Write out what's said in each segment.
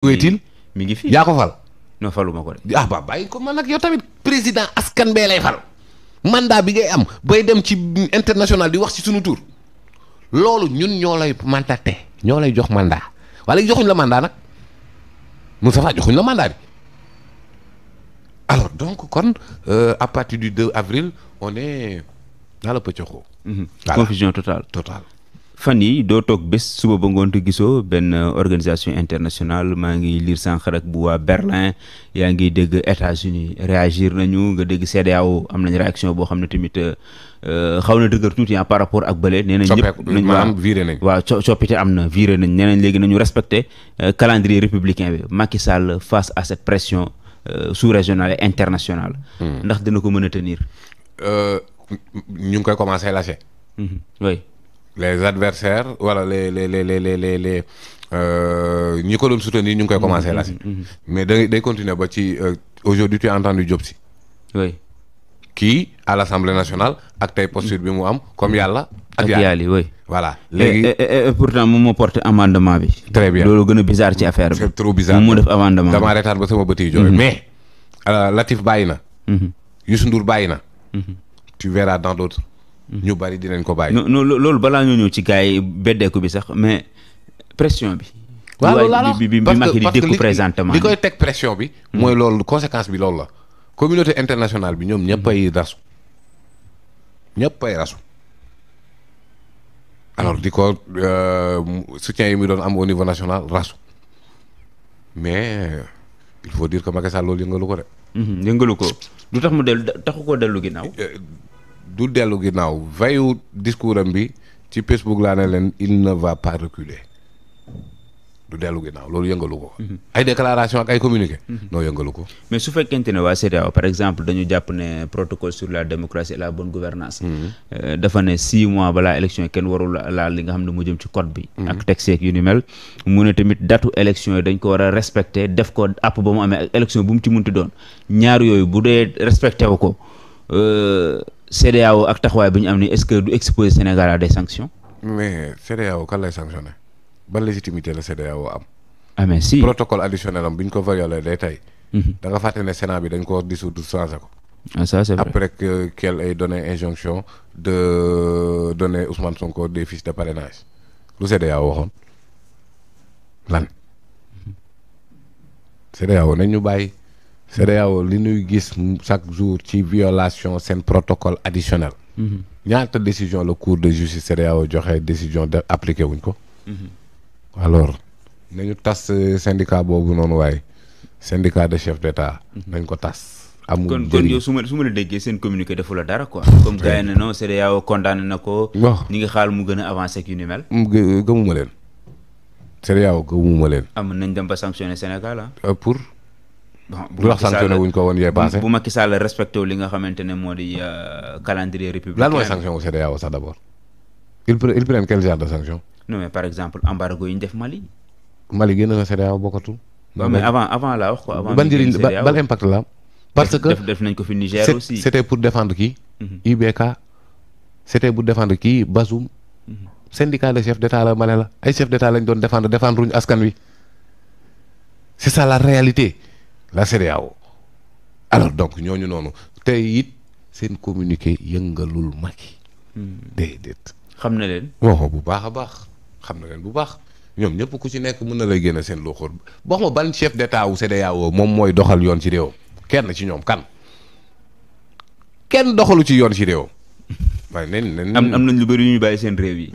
wetil mi ngi fi yaa ko fal. faluma ko de. ah ba bàyyi ko man nag yow tamit président askan bee lay fal. mandat bi ngay am bay dem ci international di wax ci sunu tur loolu ñun ñoo lay mandaté ñoo lay jox mandat wala joxuñ la mandat nag Moustapha joxuñ la mandat bi alors donc kon euh, à partir du 2 avril on est dans le pëccoxoo. total mm-hmm. voilà fan yi doo toog bés suba ba ngoon te gisoo benn euh, organisation internationale maa ngi liir sànq rek bu waa Berlin yaa ngi dégg États-Unis réagir nañu nga dégg CEDEAO am nañ réaction boo xam ne tamit euh, euh, xaw na dëggër tuuti par rapport ak bële nee nañ ñëpp nañ maanaam viré nañ waaw co coppite am na viré nañ nee nañ nañu respecté calendrier républicain bi Macky Sall face à cette pression sous-régionale internationale hmm. ndax dina ko mën a tenir ñu ngi koy commencé la mhm. oui les adversaires wala les les les les les les euh, ñi ko doon soutenir ñu ngi koy commencé la si mais day day continuer ba ci euh, aujourd'hui tu as entendu Diop si kii à l'Assemblée nationale ak tey posture bi mu am comme mm-hmm. yàlla ak yàlla oui voilà léegi et pourtant moom moo porté amendement bi très bien loolu gën a bizarre ci affaire bi moom moo def amendement damaa reetaan ba sama bët yi mm-hmm. mais euh, Latif bàyyi na mm-hmm. Youssou Ndour bàyyi na tu verras dans d'autres ñu bari dinañ ko bàyyi. loolu balaa ñoo ñëw ci gars beddeeku bi sax mais pression bi. waaw loolu la bi bi bi di dékku teg pression bi. mooy loolu conséquence bi loolu la. communauté internationale bi ñoom ñëpp ay rasu. ñëpp ay rasu. alors di ko euh, soutien yi muy doon am au niveau national rasu. mais il faut dire que Macky loolu yëngalu ko de. Mhm, yëngalu ko lu tax mu dellu taxu koo dellu ginnaaw. Euh, du dellu ginnaaw veyu discours am bi ci Facebook laa ne leen il ne va pas reculer du dellu ginnaaw loolu yëngalu ko. Mhm. ay déclaration ak ay communiqué. Mhm. noo yëngalu ko. mais su fekkente ne waa CEDEAO par exemple dañu jàpp ne protocole sur la démocratie et la bonne gouvernance mhm. euh, dafa ne six mois balaa élection kenn warul laal li nga xam ne mu jëm ci code bi. ak texte yeeg yu ni mel. mu ne tamit datu élection yi dañ ko war a respecté def ko àpp ba mu amee élection bu mu ci munti doon ñaar yooyu bu dee respecté wu ko. Euh, CEDEAO ak taxawaay bi ñu am ni est-ce que du exposer Sénégal à des mais CEDEAO kan lay sanctionné ban légitimité la CEDEAO am. ah mais si protocole additionnel am bi ñu ko violé day tey. Mhm. da nga fàtte ne Sénat bi dañ koo di changé ko. ah ça c'est vrai après que qu'elle ait donné injonction de donner Ousmane Sonko des fiches de parrainage lu CEDEAO waxoon lan. Mhm. CEDEAO nañ ñu bàyyi. CEDEAO li nuy gis chaque jour ci violation seen protocole additionnel. Mhm. ñaata décision la cour de justice CEDEAO joxe décision de appliqué wuñ ko. Mhm. alors nañu tas euh, syndicat boobu noonu waaye syndicat de chef d' état. Mhm. nañ ko tas. amul kon kon yow su ma su ma la déggee seen communiqué defu dara quoi. comme gars yi ne non CEDEAO condamné na ko. waaw ñi ngi xaal mu gën a avancé ak yu ni gëmuma leen. CEDEAO gëmuma leen. am nañ dem ba sanctionné Sénégal ah. euh, pour. bu wax sanctionné wuñ ko woon yee passé bu Macky Sall respecté wu li nga xamante ne moo di euh, calendrier républicain lan mooy sanction wu CEDEAO sax d' abord il il prennent quel genre de sanction non mais par exemple embargo yi ñu def Mali Mali génn na CEDEAO bokkatul waaw mais avant avant laa wax impact la parce que def nañ ko fi Niger aussi pour défendre kii mhm. IBK c' était pour défendre kii Bazoum mhm. syndicat de chef d' état la ma la ay chef d' état lañ doon défendre défendre wuñ askan wi c' est ça la CEDEAO alors donc ñooñu noonu tey it seen communiqué yëngalul Macky hmm. déedéet xam na leen waxoo bu baax a baax xam na leen bu baax ñoom ñëpp ku ci nekk mën na lay génne seen loxoor wax ma ban chef d'état wu CEDEAO moom mooy doxal yoon ci réewam kenn ci ñoom kan kenn doxalu ci yoon ci réewam waaye nen nen am nañ lu bari yu ñu bàyyi seen réew yi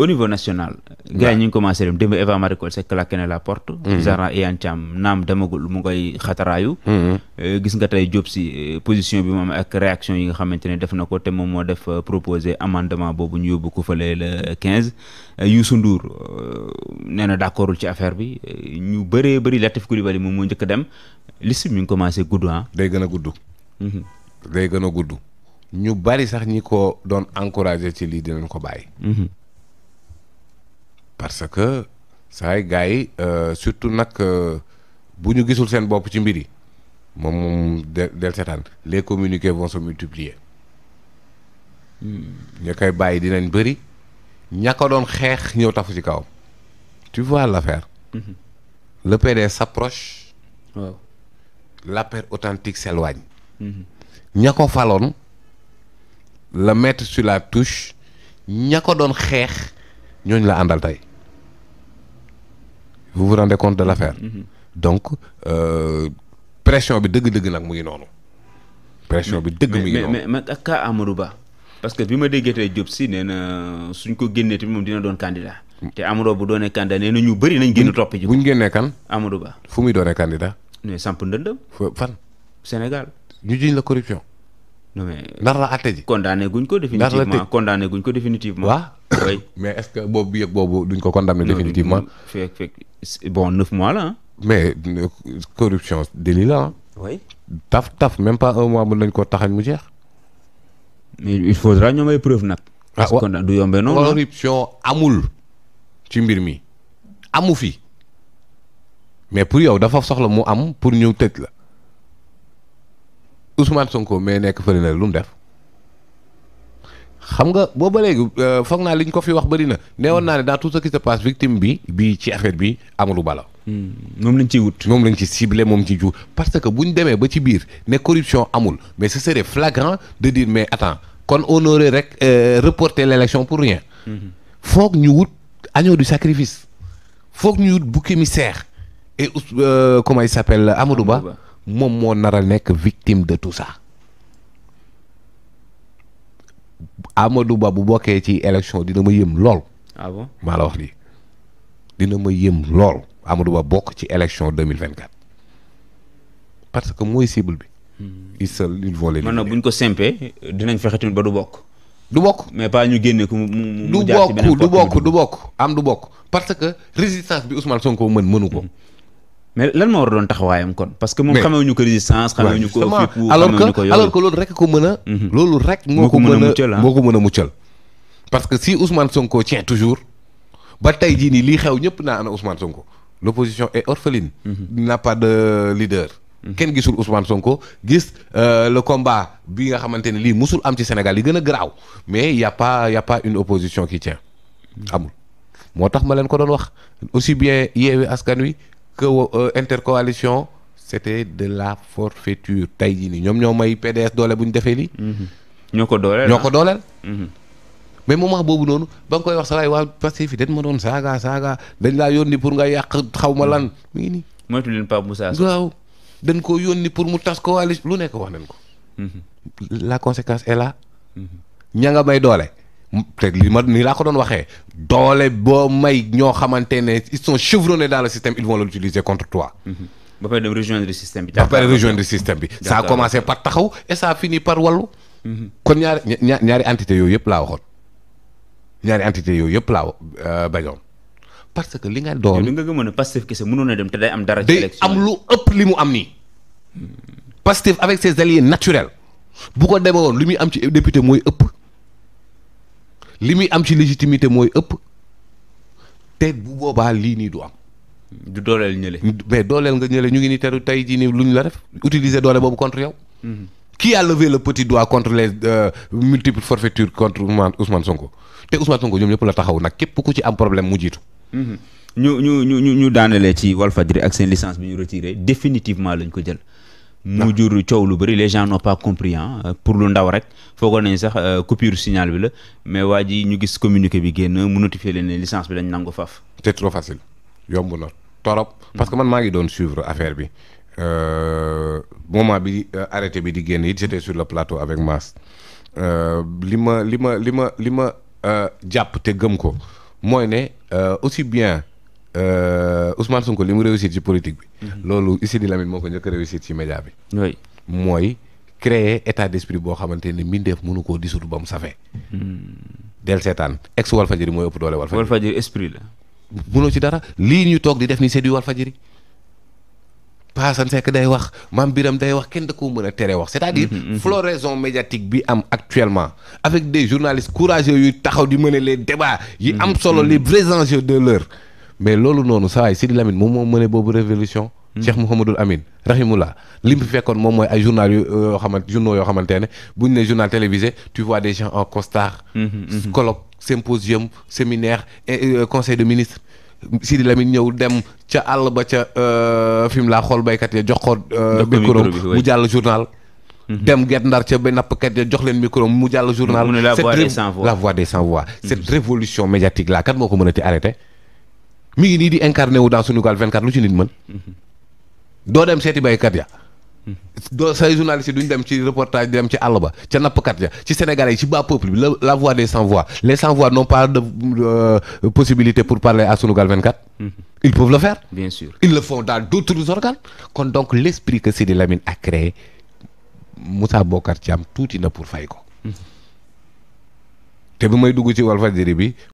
au niveau national. gars ñu ngi commencé dem démb Eva Marie Coll Seck claqué na la porte. Mm-hmm. Zahra Iyane naam demagul mu ngay xataraayu. Mm-hmm. Euh, gis nga tey Diop si euh, position bi moom ak réaction yi nga xamante ne def na ko te moom moo def euh, proposé amendement boobu ñu yóbbu ko fële le quinze. Youssou Ndour nee na d'accordul ci affaire bi ñu bëree bëri Latif Coulibaly moom moo njëkk dem liste ñu ngi commencé gudd ah. day gën a gudd. Mm-hmm. day gën a gudd. ñu bari sax ñi ko doon encouragé ci lii dinañ parce que saa yi gars yi euh, surtout nag euh, bu ñu gisul seen bopp ci mbir yi moom moom del seetaan les communiqués vont se multiplier hmm. ña koy bàyyi dinañ bëri ña ko doon xeex ñëw tafu ci kaw tu vois l'affaire mhm. le PDS s'approche waaw l'appel authentique s'éloigne mhm. ña ko faloon la mettre sur la touche ña ko doon xeex ñooñu la àndal tey vous vous rendez compte de l' affaire. Mm-hmm. donc euh, pression bi dëgg-dëgg nag mu ngi noonu. pression bi dëgg mu ngi noonu mais mais ak Ba. parce que bi ma déggee te Diop si nee na suñ ko génnee tamit moom dina doon candidat. te Amadou bu doonee candidat nee na ñu bëri nañ génn topp ji. bu ñu génnee kan. Amadou Ba fu muy doonee candidat. mais samp ndëndëm. fan. Sénégal. ñu jiñ la corruption. non mais nar la àtte ji. condamné guñ ko définitivement condamné guñ ko définitivement. waaw oui mais est-ce que boobu bi ak boobu duñ ko condamné définitivement. fekk fekk bon neuf mois la mais euh, corruption délit la oui taf taf même pas un mois mën nañ koo taxañ mu jeex. mais il faudra ñoom ay preuve nag. Ah, parce que du yombee noonu corruption amul ci mbir mi amu fi mais pour yow dafa soxla mu am pour ñëw tëj la. Ousmane Sonko mais nekk fële na lu mu def xam nga booba léegi euh, foog naa li ñu ko fi wax bëri na neewoon naa ne dans tout ce qui se passe victime bi bii ci affaire bi Amadou Ba la. Hmm. moom lañ ciy wut. moom lañ ci ciblé moom ci ju parce que buñ ñu demee ba ci biir ne corruption amul mais ce serait de dire mais attends kon on aurait rek euh, reporté l'élection pour rien. Hmm. foog ñu wut agneau du sacrifice. foog ñu wut bouc émissaire et euh, comment il s'appelle Amadou Ba. moom moo nar a nekk victime de tout ça Amadou Ba bu bokkee ci élection dina ma yëm lool. ah maa la wax lii dina ma yëm lool Amadou Ba bokk ci élection 2024 parce que mooy cible bi. Hmm. il se il volé. man na buñ ko simpee dinañ fexe tamit ba du bokk. du bokk mais pas ñu génne ko mu mu mu jaar ci beneen du bokk du bokk du bokk am du bokk parce que résistance bi Ousmane Sonko mën mënu ko. Hmm. mais lan moo war doon taxawaayam kon parce que moom xamewuñu ko résistance xamewuñu ko fippu alors que alors loolu rek ko mën mhm. loolu rek moo ko mën a ah. moo ko mën a muccal parce que si Ousmane Sonko tient toujours ba tey jii nii lii xew ñëpp naa ana Ousmane Sonko l'opposition est orpheline mhm. n'a de leader mhm. kenn gisul Ousmane Sonko gis euh, le combat bi nga xamante ne lii musul am ci Sénégal yi gën a garaaw mais y a pas y a pas une opposition qui tient amul moo tax ma leen ko doon wax aussi bien Yewwi Askan Wi que euh, intercoalition c'était de la forfaiture tey jii nii ñoom ñoo may PDS doole bu ñu defee nii mm-hmm. ñoo ko dooleel ñoo ah. ko dooleel. Mm-hmm. mais moment boobu noonu ba nga koy wax sa waay waa Pastef fi dañ ma doon saaga saaga dañ laa yónni pour nga yàq xaw ma lan mi mm-hmm. ngi nii. moytu leen Pape Moussa waaw dañ koo yónni pour mu tas coalition lu nekk wax nañ ko. la conséquence est la ña nga may doole. li ma nii laa ko doon waxee doole boo may ñoo xamante ne ils sont chevronnés dans le système ils vont l'utiliser contre toi. ba pare dem rejoindre bi. ba pare rejoindre système bi. ça a commencé par taxaw et ça a fini par wàllu. Mhm. kon ñaari ñaari ñaari entité yooyu yëpp laa waxoon ñaari entité yooyu yëpp laa euh, bañoon parce que li nga doon. li nga gëmoon ne Pastef kese mënoon na dem te day am dara. ci élection day am lu ëpp li mu am nii. Hmm. Pastef avec ses alliés naturels bu ko demee woon muy am ci député mooy ëpp. li muy am ci légitimité mooy ëpp te bu boobaa lii nii du am. du dooleel ñële. mais dooleel nga ñële ñu ngi ni teru tey jii nii luñ la def utiliser doole boobu contre yow. Mhm. qui a levé le petit doigt contre les euh, multiples forfaitures contre Ousmane Sonko te Ousmane Sonko ñoom ñëpp la taxaw nag képp ku ci am problème mu jiitu. Mhm. ñu ñu ñu ñu daanelee ci Walfadjri ak seen licence bi ñu retiré définitivement lañ ko jël. mu jur coow lu bëri les gens n'ont pas compris hein euh, pour lu ndaw rek foogoon nañu sax euh, coupure signal bi la mais waa ji ñu gis communiqué bi génn mu notifié leen ne licence bi dañ nangu faaf. c'est trop facile yomb na torop parce que man maa ngi doon suivre affaire bi euh, moment bi arrêté bi di génn it j'étais sur le plateau avec Mass li ma li ma li ma li ma jàpp te gëm ko mooy ne aussi bien. Euh, Ousmane ko li mu réussir ci politique bi. Mhm. loolu Sidi Lamine moo ko njëkk a réussir ci média bi. oui mooy créer état d'esprit boo xamante ne mbindeef mënu koo disut ba mu safee. Hmm. del seetaan ex Walfadjri mooy ëpp doole Walfadjri. esprit la. mënoo ci dara lii ñu toog di def ni c'est du Walfadjri Paasan Seck day wax Maam Biram day wax kenn da koo mën a tere wax c'est-à-dire mhm, mhm, floraison médiatique bi am actuellement avec des journalistes courageux yu taxaw di mener les débats yi am solo les vrais enjeux de l'heure mais loolu noonu saa si Sidi Lamine moom moo mëne boobu révolution hmm. Cheikh Mouhamadul Amin rahimullah li mu fi fekkoon moom mooy ay journal yu euh, yoo yoo xamante ne bu ñu ne journal télévisé tu vois des gens en costard hmm, hmm, colloque symposium séminaire euh, conseil de ministre Sidi Lamine ñëw dem ca àll ba ca euh, fi mu laa xool béykat ya jox ko micro mu jàll journal dem Guet Ndar ca ba nappkat ya jox leen micro mu jàll journal la voix des sans voix la révolution médiatique là kan moo ko mën a ti arrêté mi ngi nii di incarné wu dans Sunugal 24 lu ci nit mën doo dem seeti baykat ya doo say journaliste duñ dem ci reportage dem ci àll ba ca nappkat ya ci Sénégalais yi ci bas peuple bi la la voix des sans voix les sans voix n'ont pas de euh, possibilité pour parler à Sunugal 24. Mhm. ils peuvent le faire. bien sûr ils le font dans d'autres organes. kon donc l'esprit que Sidi Lamine a musaa Moussa Bokar Thiam tuuti na pour fay ko. Mhm. te bu may dugg ci Walfadjri bi